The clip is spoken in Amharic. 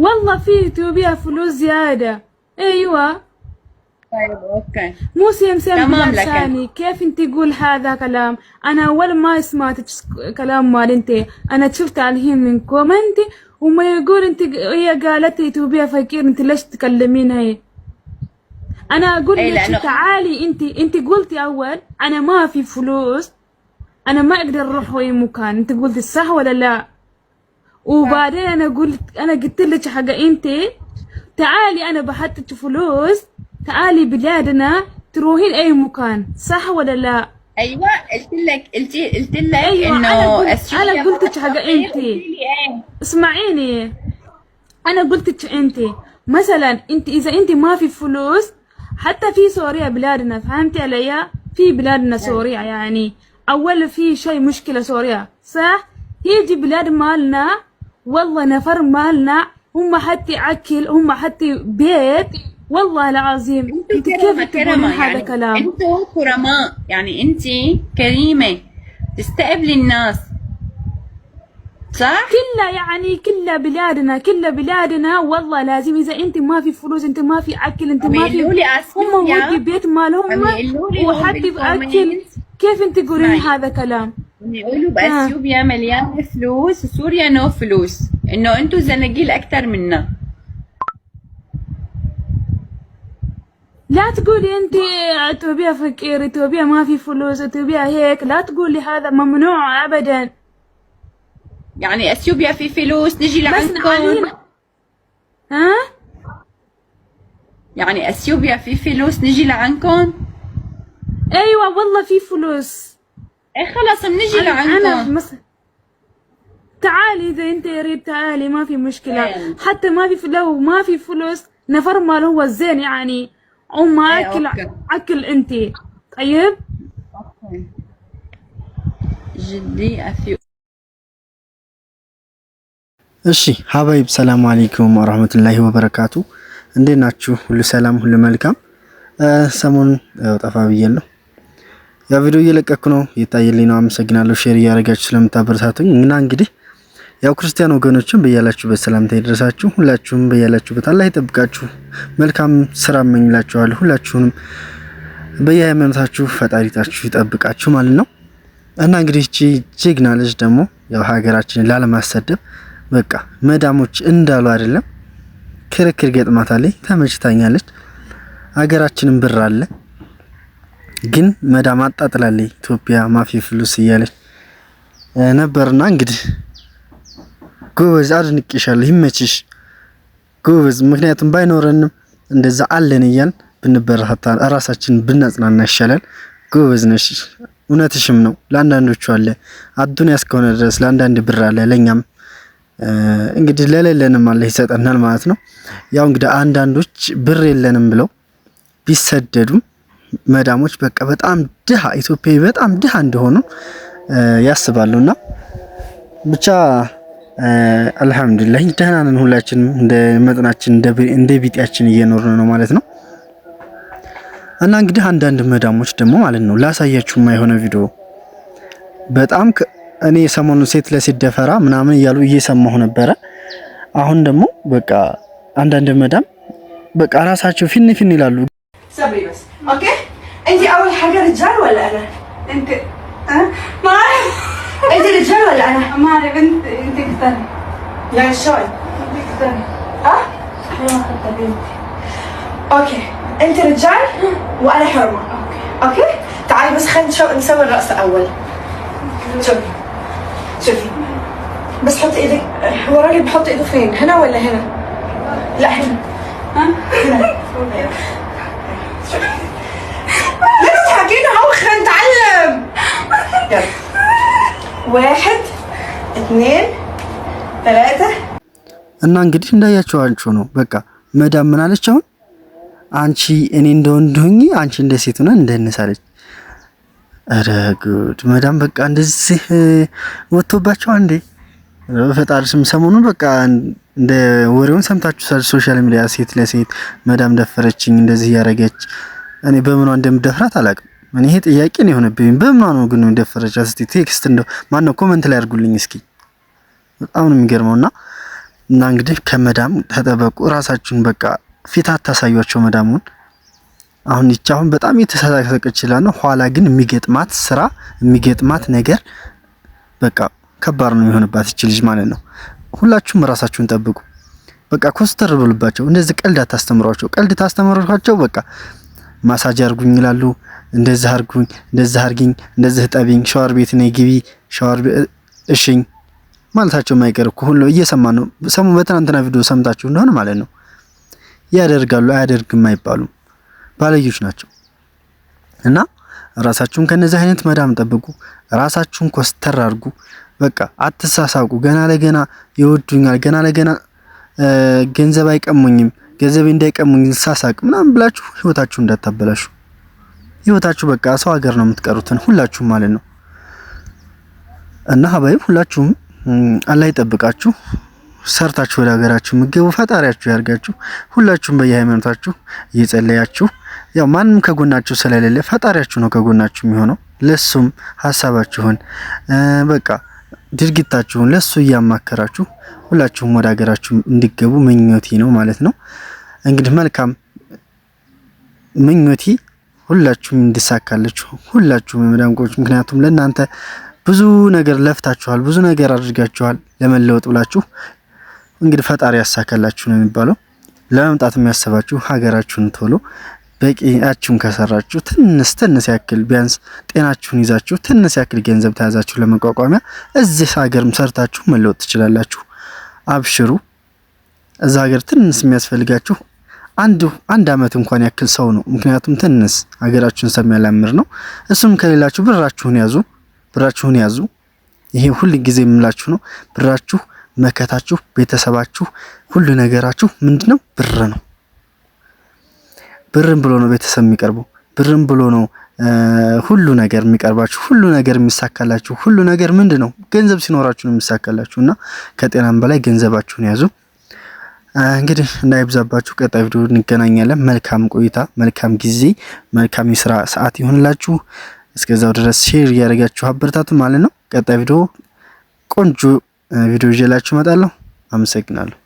والله في توبيا فلوس زيادة أيوة طيب اوكي مو سيم سيم تمام لساني كيف انت تقول هذا كلام انا اول ما سمعت كلام مال انت انا شفت عليهم من كومنت وما يقول انت هي قالت لي توبيا فكير انت ليش تكلمين هي انا اقول إيه، لك لأنه... تعالي انت انت قلتي اول انا ما في فلوس انا ما اقدر اروح اي مكان انت قلتي صح ولا لا وبعدين انا قلت انا قلت لك حاجه انت تعالي انا بحطك فلوس تعالي بلادنا تروحين اي مكان صح ولا لا ايوه قلت لك قلت قلت لك أيوة انه انا قلت لك حاجه انت إيه؟ اسمعيني انا قلت لك انت مثلا انت اذا انت ما في فلوس حتى في سوريا بلادنا فهمتي علي في بلادنا أيوة. سوريا يعني اول في شيء مشكله سوريا صح هي دي بلاد مالنا والله نفر مالنا هم حتى اكل هم حتى بيت والله العظيم انت كيف تقولي هذا يعني كلام انت كرماء يعني انت كريمه تستقبلي الناس صح؟ كلها يعني كلها بلادنا كلها بلادنا والله لازم اذا انت ما في فلوس انت ما في اكل انت ما في هم ودي بيت مالهم وحتى باكل كيف انت تقولين طيب. هذا كلام؟ يقولوا باثيوبيا آه. اثيوبيا مليانه يعني فلوس وسوريا نو فلوس انه انتو زنقيل اكتر منا لا تقولي انت اثيوبيا فقير اثيوبيا ما في فلوس اثيوبيا هيك لا تقولي هذا ممنوع ابدا يعني اثيوبيا في فلوس نجي لعندكم ها يعني اثيوبيا في فلوس نجي لعندكم ايوه والله في فلوس ايه خلص بنجي لعندهم انا في مصر تعالي اذا انت يا ريت تعالي ما في مشكله أيه. حتى ما في لو ما في فلوس نفر مال هو الزين يعني ام إيه، اكل أوكي. اكل انت طيب جدي اثيو እሺ ሀባይብ ሰላም አለይኩም ወራህመቱላሂ ወበረካቱ። እንዴት ናችሁ? ሁሉ ሰላም፣ ሁሉ መልካም። ሰሞኑን ጠፋ ብያለሁ። ያ ቪዲዮ እየለቀኩ ነው የታየልኝ ነው። አመሰግናለሁ ሼር እያደረጋችሁ ስለምታበረታቱኝ እና እንግዲህ ያው ክርስቲያን ወገኖችን በያላችሁበት ሰላምታ ይድረሳችሁ። ሁላችሁም በያላችሁበት አላህ ይጠብቃችሁ። መልካም ስራ እመኝላችኋለሁ። ሁላችሁንም በየሃይማኖታችሁ ፈጣሪታችሁ ይጠብቃችሁ ማለት ነው እና እንግዲህ እቺ ጀግና ልጅ ደግሞ ያው ሀገራችንን ላለማሰደብ በቃ መዳሞች እንዳሉ አይደለም ክርክር ገጥማታለች፣ ተመችታኛለች። ሀገራችንን ብር አለን። ግን መዳም አጣጥላለች ኢትዮጵያ ማፊ ፍሉስ እያለች ነበርና እንግዲህ ጎበዝ አድንቄሻለሁ፣ ይመችሽ ጎበዝ። ምክንያቱም ባይኖረንም እንደዛ አለን እያልን ብንበረታታ ራሳችን ብናጽናና ይሻላል። ጎበዝ ነሽ፣ እውነትሽም ነው። ለአንዳንዶቹ አለ አዱንያ እስከሆነ ድረስ ለአንዳንድ ብር አለ፣ ለእኛም እንግዲህ ለሌለንም አለ ይሰጠናል ማለት ነው። ያው እንግዲህ አንዳንዶች ብር የለንም ብለው ቢሰደዱም መዳሞች በቃ በጣም ድሃ ኢትዮጵያዊ በጣም ድሃ እንደሆኑ ያስባሉና ብቻ አልሐምዱሊላህ ደህና ነን። ሁላችንም እንደ መጠናችን እንደ ቢጤያችን እየኖርን ነው ማለት ነው። እና እንግዲህ አንዳንድ መዳሞች ደግሞ ማለት ነው ላሳያችሁ የሆነ ቪዲዮ በጣም እኔ ሰሞኑን ሴት ለሴት ደፈራ ምናምን እያሉ እየሰማሁ ነበረ። አሁን ደግሞ በቃ አንዳንድ መዳም በቃ ራሳቸው ፊን ፊን ይላሉ። صبري بس اوكي انت اول حاجه رجال ولا انا انت ها ما اعرف انت رجال ولا انا ما اعرف انت انت كثر يعني شوي انت كثر ها احنا ما بنتي اوكي انت رجال وانا حرمه اوكي اوكي تعالي بس خلينا نسوي الرقصه اول شوفي شوفي بس حط ايدك هو الراجل بحط ايده فين هنا ولا هنا لا هنا ها هنا ዋሕድ እትኔን ተላተ እና እንግዲህ እንዳያቸዋችሁ ነው። በቃ መዳም ምን አለች? አሁን አንቺ እኔ እንደ ወንድ ሆኜ አንቺ እንደ ሴት ሆነ እንደነሳለች። ኧረ ጉድ! መዳም በቃ እንደዚህ ወጥቶባቸው አንዴ በፈጣሪ ስም ሰሞኑን በቃ እንደ ወሬውን ሰምታችሁ ሶሻል ሚዲያ ሴት ለሴት መዳም ደፈረችኝ እንደዚህ እያደረገች እኔ በምኗ እንደምደፍራት አላውቅም። ምን ይሄ ጥያቄ ነው የሆነብኝ። በምኗ ነው ግን ደፈረች? እስቲ ቴክስት እንደው ነው ኮመንት ላይ አድርጉልኝ እስኪ። በጣም ነው የሚገርመው። እና እና እንግዲህ ከመዳም ተጠበቁ ራሳችሁን በቃ ፊት አታሳዩቸው መዳሙን። አሁን ይቺ አሁን በጣም የተሳሳቀች ይችላል ነው፣ ኋላ ግን የሚገጥማት ስራ የሚገጥማት ነገር በቃ ከባድ ነው የሚሆንባት ይች ልጅ ማለት ነው። ሁላችሁም ራሳችሁን ጠብቁ። በቃ ኮስተር ብሉባቸው። እንደዚህ ቀልድ አታስተምሯቸው። ቀልድ ታስተምሯቸው በቃ ማሳጅ አርጉኝ ይላሉ። እንደዚህ አርጉኝ፣ እንደዚህ አርጊኝ፣ እንደዚህ ጠቢኝ፣ ሻወር ቤት ነይ ግቢ፣ ሻወር እሽኝ ማለታቸው ማይቀር እኮ ሁሉ እየሰማ ነው። ሰሙ በትናንትና ቪዲዮ ሰምታችሁ እንደሆነ ማለት ነው። ያደርጋሉ አያደርግም አይባሉም፣ ባለዮች ናቸው። እና ራሳችሁን ከነዚህ አይነት መዳም ጠብቁ። ራሳችሁን ኮስተር አርጉ። በቃ አትሳሳቁ። ገና ለገና ይወዱኛል፣ ገና ለገና ገንዘብ አይቀሙኝም ገንዘብ እንዳይቀሙኝ ሳሳቅ ምናምን ብላችሁ ህይወታችሁ እንዳታበላሹ። ህይወታችሁ በቃ ሰው ሀገር ነው የምትቀሩትን ሁላችሁም ማለት ነው። እና ሀባይም ሁላችሁም አላህ ይጠብቃችሁ። ሰርታችሁ ወደ ሀገራችሁ የምትገቡ ፈጣሪያችሁ ያርጋችሁ። ሁላችሁም በየሃይማኖታችሁ እየጸለያችሁ ያው ማንም ከጎናችሁ ስለሌለ ፈጣሪያችሁ ነው ከጎናችሁ የሚሆነው። ለሱም ሀሳባችሁን በቃ ድርጊታችሁን ለሱ እያማከራችሁ ሁላችሁም ወደ ሀገራችሁ እንዲገቡ ምኞቴ ነው ማለት ነው። እንግዲህ መልካም ምኞቴ ሁላችሁም እንዲሳካላችሁ ሁላችሁም የመዳንቆች ምክንያቱም ለእናንተ ብዙ ነገር ለፍታችኋል፣ ብዙ ነገር አድርጋችኋል ለመለወጥ ብላችሁ እንግዲህ ፈጣሪ ያሳካላችሁ ነው የሚባለው። ለመምጣት የሚያስባችሁ ሀገራችሁን ቶሎ በቂያችሁን ከሰራችሁ ትንስ ትንስ ያክል ቢያንስ ጤናችሁን ይዛችሁ ትንስ ያክል ገንዘብ ተያዛችሁ ለመቋቋሚያ እዚህ ሀገርም ሰርታችሁ መለወጥ ትችላላችሁ። አብሽሩ። እዛ ሀገር ትንስ የሚያስፈልጋችሁ አንዱ አንድ አመት እንኳን ያክል ሰው ነው። ምክንያቱም ትንስ ሀገራችሁን ስለሚያላምር ነው። እሱም ከሌላችሁ ብራችሁን ያዙ፣ ብራችሁን ያዙ። ይሄ ሁል ጊዜ የምላችሁ ነው። ብራችሁ መከታችሁ፣ ቤተሰባችሁ፣ ሁሉ ነገራችሁ ምንድነው? ብር ነው። ብርን ብሎ ነው ቤተሰብ የሚቀርበው። ብርን ብሎ ነው ሁሉ ነገር የሚቀርባችሁ፣ ሁሉ ነገር የሚሳካላችሁ። ሁሉ ነገር ምንድነው? ገንዘብ ሲኖራችሁ ነው የሚሳካላችሁ። እና ከጤናም በላይ ገንዘባችሁን ያዙ። እንግዲህ እንዳይብዛባችሁ ቀጣይ ቪዲዮ እንገናኛለን። መልካም ቆይታ፣ መልካም ጊዜ፣ መልካም የስራ ሰዓት ይሆንላችሁ። እስከዛው ድረስ ሼር እያደረጋችሁ አበረታቱ ማለት ነው። ቀጣይ ቪዲዮ ቆንጆ ቪዲዮ ይዤላችሁ እመጣለሁ። አመሰግናለሁ።